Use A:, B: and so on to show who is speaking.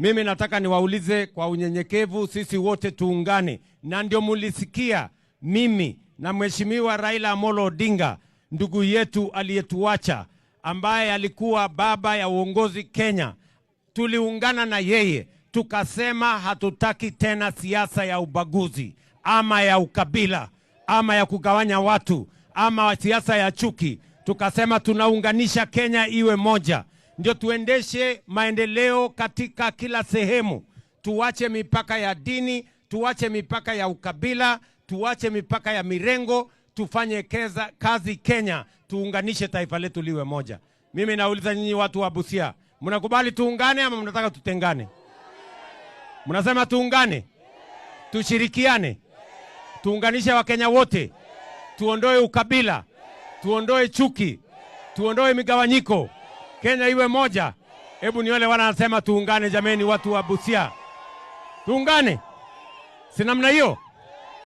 A: Mimi nataka niwaulize kwa unyenyekevu, sisi wote tuungane, na ndio mulisikia mimi na Mheshimiwa Raila Amolo Odinga, ndugu yetu aliyetuacha, ambaye alikuwa baba ya uongozi Kenya. Tuliungana na yeye tukasema, hatutaki tena siasa ya ubaguzi ama ya ukabila ama ya kugawanya watu ama siasa ya chuki. Tukasema tunaunganisha Kenya iwe moja ndio tuendeshe maendeleo katika kila sehemu. Tuache mipaka ya dini, tuache mipaka ya ukabila, tuache mipaka ya mirengo, tufanye keza, kazi Kenya, tuunganishe taifa letu liwe moja. Mimi nauliza nyinyi watu wa Busia, mnakubali tuungane ama mnataka tutengane? Mnasema tuungane, tushirikiane, tuunganishe Wakenya wote, tuondoe ukabila, tuondoe chuki, tuondoe migawanyiko. Kenya iwe moja. Hebu ni wale wanasema tuungane, jameni, watu wa Busia tuungane, si namna hiyo?